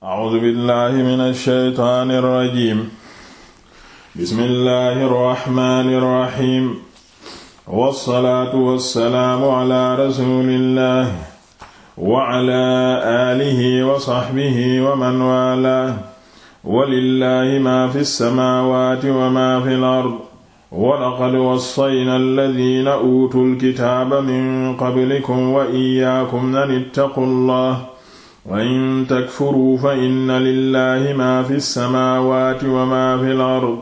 A'uuzu billaahi mina shaytaani rajiim. Bismillaahi rahmaani rahiim. Wassalaatu wassalaamu alaa rasuulillaahi wa alaa aalihi wa sahbihi wa man waalaah. Walillaahi maa fi samaawaati wa maa fil ard. Wa laqad wassaynaa allaziina uutul kitaaba min qablikum wa iyyaakum an ittaqullaah wa in takfuruu fa inna lillahi maa fi lsamaawaati wa maa fi l ard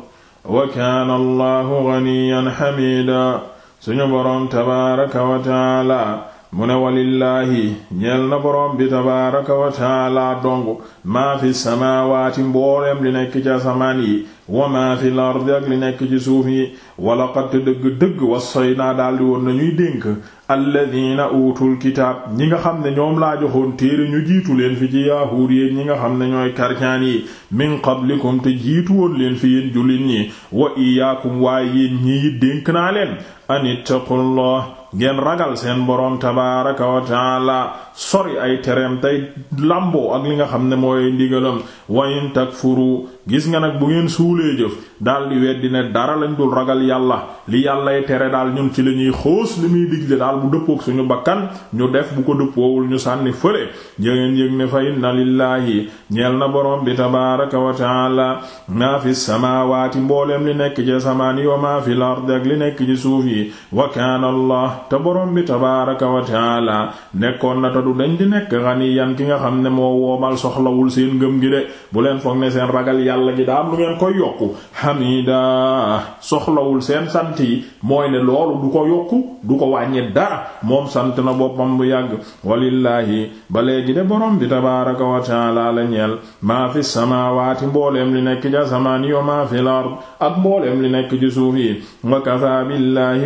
wa kaana allahu ganiyan xamiida suñu boroom tabaaraka wa taala mu ne walillaahi ñeel na borom bi tabaaraka wa taala dong maa fi samaawaati mboolem li nekk ci asamaan yi wa maa fi lardi ak li nekk ci suuf yi walaqad dëgg-dëgg soy naa daldi woon nañuy dénk alladina uutul kitaab ñi nga xam ne ñoom laa joxoon téere ñu jiitu leen fi ci yahuud yéen ñi nga xam ne ñooy karcaan yi min qablikum te jiitu woon leen fi yéen jullit ñi wa iyaakum waaye yéen ñii dénk naa leen an ittaqullah ngeen ragal seen boroom tabaaraka wa taala sori ay tereem tey làmboo ak li nga xam ne mooy ndigalam wayin takfuru gis nga nag bu ngeen suulee jëf daal di weddi ne dara lañ dul ragal yàlla li yàllay tere daal ñun ci la ñuy xoos li muy digle daal bu dëppook suñu bakkan ñu def bu ko dëppoowul ñu sànni fële yëgeen yëg ne fa inna lillaahi ñeel na boroom bi tabaaraka wa taala maa fi samaawaati mbooleem li nekk ci samaan yi wa maa fi ak li nekk ci suuf yi te borom bi tabaaraka wa taala nekkoon na te du dañ di nekk ganiyan ki nga xam ne moo woomal soxlawul seen ngëm gi de bu leen foog ne seen ragal yàlla gi daam lu ngeen koy yokku hamida soxlawul seen sant yi mooy ne loolu du ko yokku du ko wàññi dara moom sant na boppam bu yàgg walillaahi ba léegi de boroom bi tabaaraka wa la ñeel maa fi samaawaati mbooleem li nekk ca samaan yo maa fi lard ak mbooleem li nekk ci suuf yi wa kafaa billaahi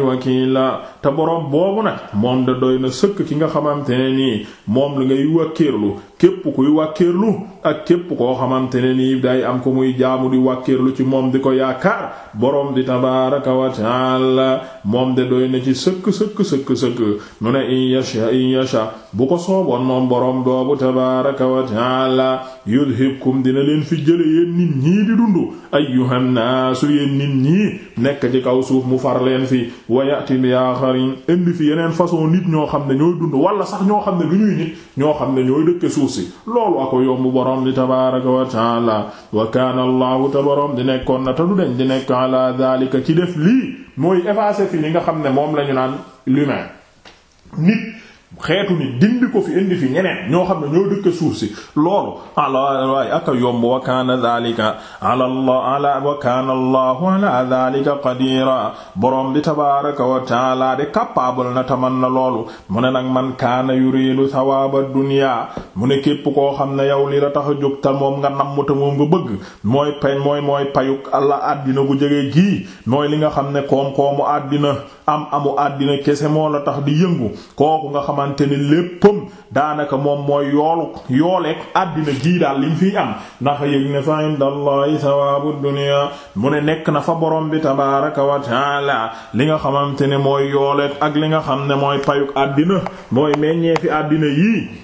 boobu nag moom da doy na sëkk ki nga xamante ne nii moom la ngay wàkkirlu képp kuy wàkkirlu ak képp koo xamante ne nii day am ko muy jaamu di wàkkirlu ci moom di ko yaakaar boroom di tabaaraka wa taala moom de doy na ci sëkk sëkk sëkk sëkk mu ne in yasha in yasha bu ko sooboon moom boroom doobu tabaaraka wa taala yudhibkum dina leen fi jële yéen nit ñii di dund ayyuhan su yéen nit ñii nekk ci kaw suuf mu far leen fi wayati bi aaxarin indi fi yeneen façon nit ñoo xam ne ñooy dund wala sax ñoo xam ne du ñuy suuf si loolu ako yomb borom di tabaaraka wa taala wa kaana di nekkoon na te du di nekk ala daalika ci def lii mooy effacer fi li nga xam ne moom lañu naan l'humain nit xeetu ni dindi ko fi indi fi ñeneen ñoo xam ne ñoo dëkk suuf si loolu ala waay aka yomb wa kaana dhalika ala allah boroom bi tabaraka wa de capable na taman na loolu mu ne nag man kaana yuridu thawaba dunya mu ne képp koo xam ne yow lii la tax a jóg ta moom nga namm ta moom nga bëgg mooy pay mooy mooy payu allah àddina bu jege gii mooy li nga xam ne koom-koomu àddina am amu àddina kese moo la tax di yëngu kooku nga xamante ni léppam daanaka moom mooy yoolu yooleek àddina gii daal liñ fiy am ndax yëg ne fa indallahi sawabu dunya mu ne nekk na fa borom bi tabaraka wa li nga xamante ne mooy yooleek ak li nga xam ne mooy payu àddina mooy meññee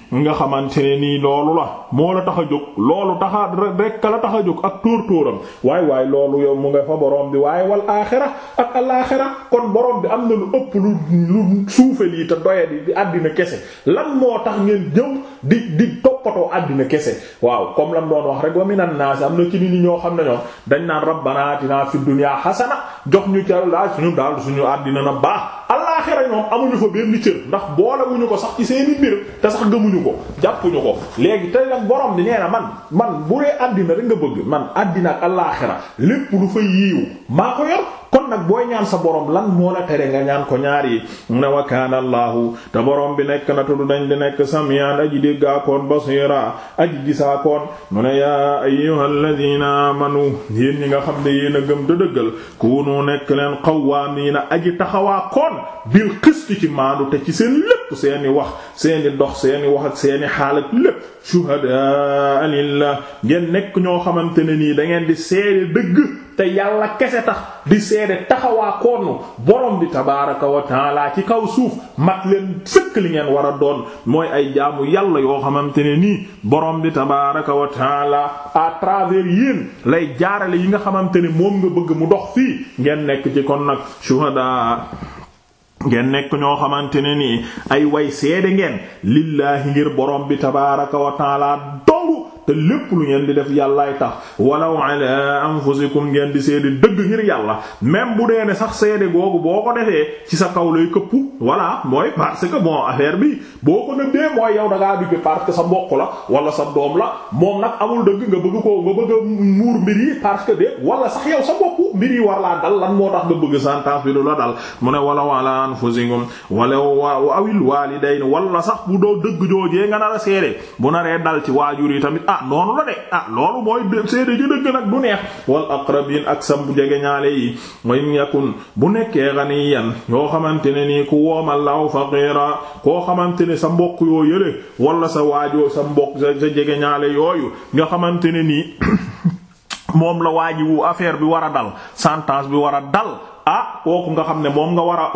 nga xamante ne nii loolu la moo la tax a jóg loolu taxa rek la tax a jóg ak tóor-tóoram waaye waaye loolu yow mu nga fa borom bi waaye wal aaxira ak alaaxira kon borom bi am na lu ëpp lu lu suufe lii te doye di àddina kese lan moo tax ngeen jëw di di toppatoo àddina kese waaw comme lan doon wax rek wa minan naas am na ci nit ñi ñoo xam ne ñoom dañ naan rabbana atina fid dunya hasana jox ñu ca la suñu daal suñu àddina na baax àllaxira ñoom amuñu fa benn cër ndax boolewuñu ko sax ci seeni mbir te sax gëmuñu ko jàppuñu ko léegi tey nag boroom bi nee na man man bu dee àddina rek nga bëgg man àddina ak àllaxira lépp lu fay yiiw maa ko yor kon nag booy ñaan sa borom lan moo la tere nga ñaan ko ñaar yi mu ne wa kaana allahu te borom bi nekk na tudd dañ di nekk samiyaan aji déggaakoon basiira aji gisaakoon mu ne yaa ayyuhal ladina amanu yéen ñi nga xam ne yéen a gëm da dëggal kuunu nekk leen qawwaamiina aji taxawaakoon bil qist ci maandu te ci seen lépp seeni wax seeni dox seeni wax ak seeni xaal ak lépp shuhadaa lillah ngeen nekk ñoo xamante ne nii dangeen di seede dëgg te yàlla kese tax di seede taxawaa koonu borom bi tabaaraka wa taala ci kaw suuf mat leen sëkk li ngeen war a doon mooy ay jaamu yàlla yoo xamante ne nii boroom bi tabaaraka wa taala à travers yéen lay jaarale yi nga xamante ne moom nga bëgg mu dox fii ngeen nekk ci kon nag shuhadaa ngeen nekk ñoo xamante ne nii ay way seede ngeen lillaahi ngir borom bi tabaaraka wa te lépp lu ngeen di def yàllaay tax walaw ala anfusikum ngeen di seede dëgg ngir yàlla même bu dee ne sax seede googu boo ko defee ci sa kaw lay këpp voilà mooy parce que bon affaire bi boo ko nëbbee mooy yow da ngaa duggee parce que sa mbokk la wala sa doom la moom nag amul dëgg nga bëgg ko nga bëgg a muur mbir yi parce que de wala sax yow sa mbir yi war laa dal lan moo tax nga bëgg sentence bi du la dal mu ne walaw ala anfusikum walaw awil walidayn wala sax bu doo dëgg joojee nga nar a seede bu naree dal ci waajur yi tamit ah noonu la de ah loolu mooy seede ji dëgg nag du neex wal aqrabin ak sa bu jege ñaale yi way yakun bu nekkee ganiyan yoo xamante ne nii ku woomal law faqira koo xamante ne sa mbokk yoo yële wala sa waajoo sa mbokk sa jege ñaale yooyu nga xamante ne nii moom la waajibu affaire bi war a dal sentence bi war a dal ah kooku nga xam ne moom nga war a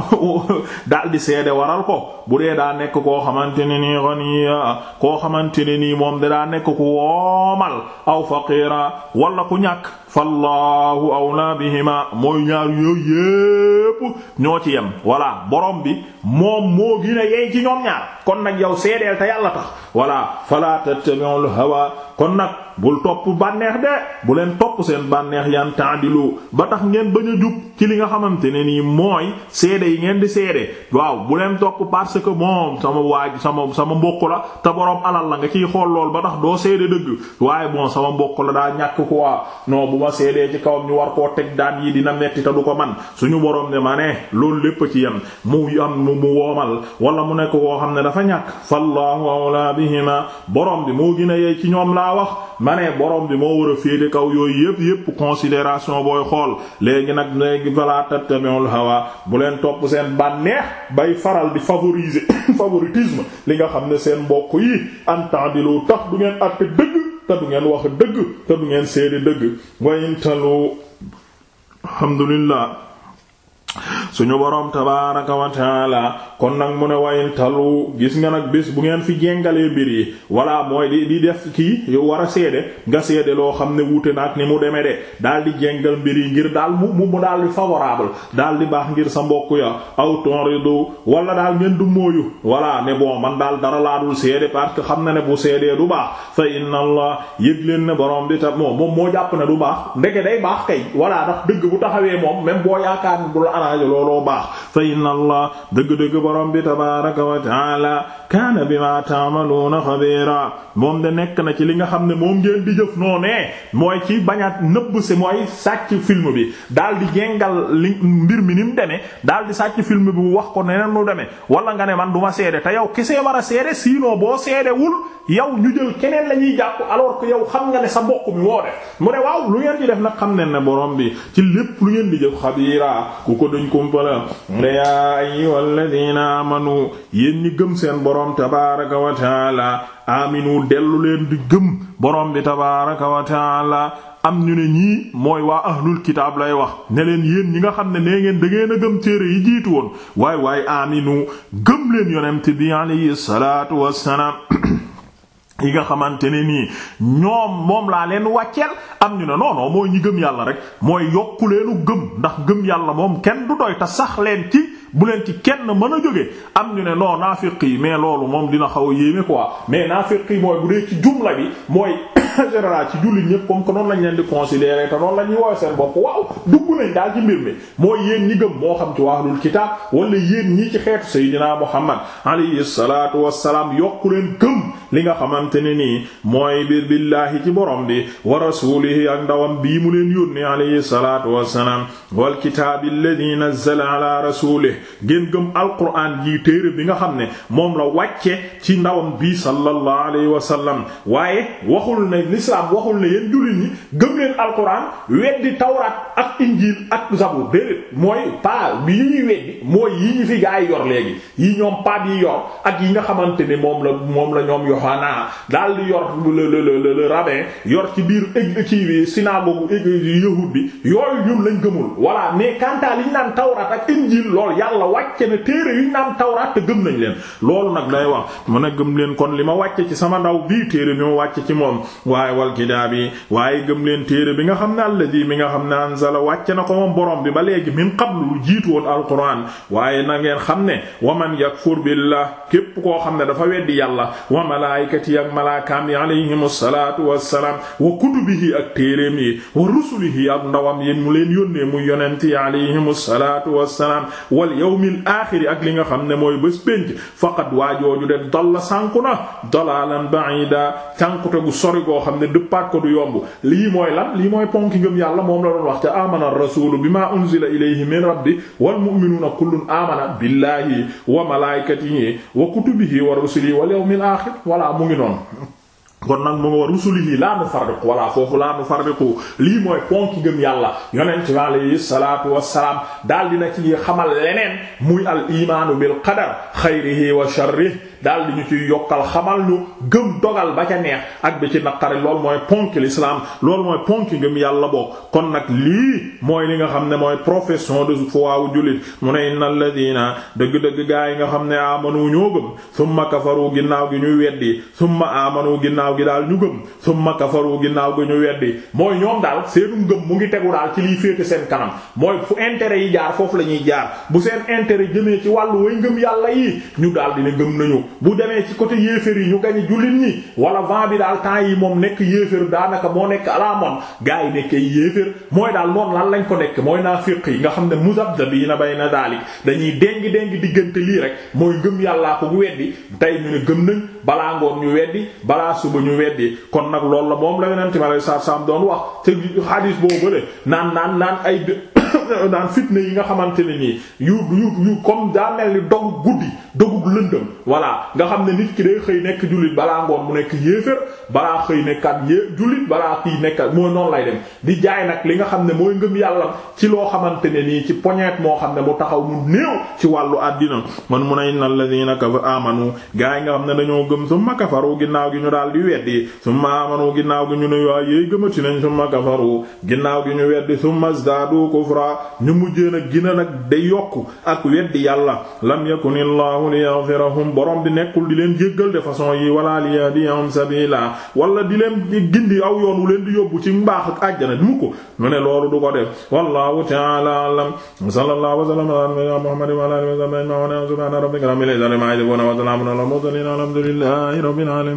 daal di seede waral ko bu dee daa nekk koo xamante ne nii ghaniya koo xamante ne nii moom de daa nekk ku woomal aw faqira wala ku ñàkk fallahu aw bihima mooy ñaar yooyu yépp ñoo ci yem wala boroom bi moom moo gën a yey ci ñoom ñaar kon nag yow seedeel te yàlla tax voilà fala tattabi'ul hawa kon nag bul topp bànneex de bu topp seen bànneex yan ta'dilu ba tax ngeen bañ jub ci li nga xam xamante ne nii mooy seede yi ngeen di seede waaw bu leen topp parce que moom sama waaj sama sama mbokk la te borom alal la nga ciy xool lool ba tax doo seede dëgg waaye bon sama mbokk la daa ñàkk quoi non bu ma seedee ci kawam ñu war koo teg daan yi dina metti te du ko man suñu borom ne ma ne loolu lépp ci yem mu am mu woomal wala mu nekk koo xam ne dafa ñàkk fallahu awla bihima borom bi moo gën a yey ci ñoom laa wax ma ne borom bi moo war a féete kaw yooyu yëpp yëpp considération booy xool léegi nag léegi voilà tattabi'ul hawa bu leen topp seen bànneex bay faral di favoriser favoritisme li nga xam ne seen mbokk yi an ta'dilu tax du ngeen àtte dëgg te du ngeen wax dëgg te du ngeen seede dëgg wa intalu alhamdulillah suñu boroom tabaaraka wa taala kon nag mu ne wayin talu gis nga nag bés bu ngeen fi jéngalee mbir yi walla mooy di di def kii yow war a seede nga seede loo xam ne wuute nag ni mu demee de daal di jéngal mbir yi ngir daal mu mu daal di favorable daal di baax ngir sa mbokk ya aw tonrido wala daal ngeen du mooyu walla ne bon man daal dara laa dul seede parce que xam na ne bu seedee du baax fa inna allah yëg leen ne boroom bi ta moom moom moo jàpp ne du baax ndeke day baax kay walla looloo baax fa inna allah dëgg-dëgg borom bi tabaaraka wa taala kaana bimaa ta'maluuna xabiira moom de nekk na ci li nga xam ne moom ngeen di jëf noonee mooy ci bañaat nëbb si mooy sàcc film bi daal di jengal li mbir mi ni mu demee daal di sàcc film bi bu wax ko neneen nu demee wala nga ne man du ma seede te yow kese war a seede sinon boo seedewul yow ñu jël keneen lañuy ñuy jàpp alors que yow xam nga ne sa mbokk mi woo def mu ne waaw lu ngeen di def nag xam ne bala ne yaa ayyuhalladhina amanu yéen gëm seen boroom tabaaraka wa taala aminu dellu leen di gëm borom bi tabaaraka wa am ñu ne ñii mooy waa ahlul kitaab lay wax ne leen yéen ñi nga xam ne nee ngeen da a gëm téere yi jiitu woon waay waay aminu gëm leen yonent bi alayhi salaatu wassalaam yi nga xamante ne nii ñoom moom laa leen wàcceel am ñu ne non non mooy ñi gëm yàlla rek mooy yokku leenu gëm ndax gëm yàlla moom kenn du doy te sax leen ci bu leen ci kenn mën a jógee am ñu ne noo naafiq yi mais loolu moom dina xaw a ko quoi mais naafiq yi mooy bu dee ci jumla bi mooy en général ci jullit ñëpp comme que noonu lañ leen di considérer te noonu la ñuy woowe seen bopp waaw dugg nañ daal ci mbir mi mooy yéen ñi gëm moo xam ci waaxlul kitaab wala yéen ñii ci xamante ne nii mooy bi billaahi ci borom bi wa rasuulihi ak ndawam bii mu leen yónnee alayhi salaatu wassalaam wal kitaabi alladhi nazzala ala rasuulihi ngeen gëm alquraan yi téere bi nga xam ne moom la wàcce ci ndawam bii sallallahu alayhi wa sallam waaye waxul ne lislaam waxul ne yéen jullit ñi gëm leen alquraan weddi tawraat ak injiil ak zabuur déedéet mooy pa bi yi ñuy weddi mooy yi ñu fi gaay yor léegi yi ñoom paab yi yor ak yi nga xamante ne moom la daal di yor le le le le rabbin yor ci biir eg ci synagogue yahud bi yooyu ñun lañ gëmul voilà mais quant à liñ naan tawrat ak injil loolu yàlla wàcce na téere yuñ naan tawrat te gëm nañ leen loolu nag day wax mën a gëm leen kon li ma wàcce ci sama ndaw bii téere bi ma wàcce ci moom waaye wal kitaab yi waaye gëm leen téere bi nga xam ne alladi mi nga xam ne anzala wàcce na ko moom borom bi ba léegi min qablu lu jiitu woon alquran waaye na ngeen xam ne waman yakfur billah képp koo xam ne dafa weddi yàlla ak malaakaam yi alayhim salaatu wassalaam wa kutubihi ak téeréem yi wa rusulihi ak ndawam yi mu leen yónnee mu yonent yi alayhim salaatu wassalaam wal yawmil aaxiri ak li nga xam ne mooy bés pénc faqad waajooju de dalla sànku na dalaalan ba'iida cànkute gu sori goo xam ne dëppaat ko du yomb lii mooy lan lii mooy ponki ngëm yàlla moom la doon wax ca amana rasulu bima unzila ilayhi min rabbi wal mu'minuuna kullun amana billahi wa malaa'ikatihi wa kutubihi wa rusulihi wal yawmil aaxir wala mu ngi noonu noonu kon nag mu nga rusulihi laa nufarriqu walla foofu laa nufarriqu lii mooy ponki gëm yàlla yonent bi alayhi salaatu wassalaam daal dina ci xamal leneen muy al imaanu bil qadar xayrihi wa sharrihi daal di ñu ciy yokkal xamal ñu gëm dogal ba ca neex ak ba ci naqari loolu mooy ponk l'islam lool mooy ponk ngëm yàlla bokk kon nag lii mooy li nga xam ne mooy profession de foi wu jullit mu ne innal ladina dëgg-dëgg gaa yi nga xam ne amanu ñoo gëm summa kafaru ginnaaw gi ñuy weddi summa amanu ginnaaw gi daal ñu gëm summa kafaru ginnaaw gi ñu weddi mooy ñoom daal seenu ngëm mu ngi tegu daal ci liy féete seen kanam mooy fu intérêt yi jaar foofu la ñuy jaar bu seen jëmee ci wàllu way ngëm yàlla yi ñu daal dina gëm nañu bu demee ci côté yéefér yi ñu gañe jullit ñi wala vent bi daal temps yi moom nekk yéefér daanaka moo nekk ala moon gaa yi nekk ay mooy daal moom lan lañ ko nekk mooy naafiq yi nga xam ne muzabzabiina bayna daalik dañuy déngi déngi diggante lii rek mooy gëm yàllaa ko weddi tey ñu gëm nañ balaa ngoon ñu weddi balaa suba ñu weddi kon nag loolu la moom la yonente mi alei satu salaam doon wax te hadis boobu naan naan naan ay naan fitna yi nga xamante ne nii yu yu yu comme daa mel ni dogu guddi dogub lëndëm voilà nga xam ne nit ki day xëy nekk jullit balaa ngoon mu nekk yéefér balaa xëy nekkat yée jullit balaa xëy nekkat mooy noonu lay dem di jaay nag li nga xam ne mooy ngëm yàlla ci loo xamante ne nii ci poñeet moo xam ne mu taxaw mu néew ci wàllu àddina man mun a na alladhina amanu gaa yi nga xam ne dañoo gëm summa kafaru ginnaaw gi ñu daal di weddi summa amanu ginnaaw gi ñu ne waa yéey gëmati nañ summa kafaru ginnaaw gi ñu weddi summa zdadu kufra ñu mujjee nag gina nag day yokk ak weddi allahu liyaghfirahum borom bi nekkul di leen jéggal de façon yi wala liyahdiyahum sabila wala di leen gindi aw yoon wu leen di yóbbu ci mbaax ak àjjana di mu ko mu ne loolu du ko def wallahu ta'ala a'lam sallallahu wa sallam ala muhammadin wa ala alihi wa sahbihi subhana rabbika rabbil izzati amma yasifun wa salamun ala al mursalin alhamdulillahi rabbil alamin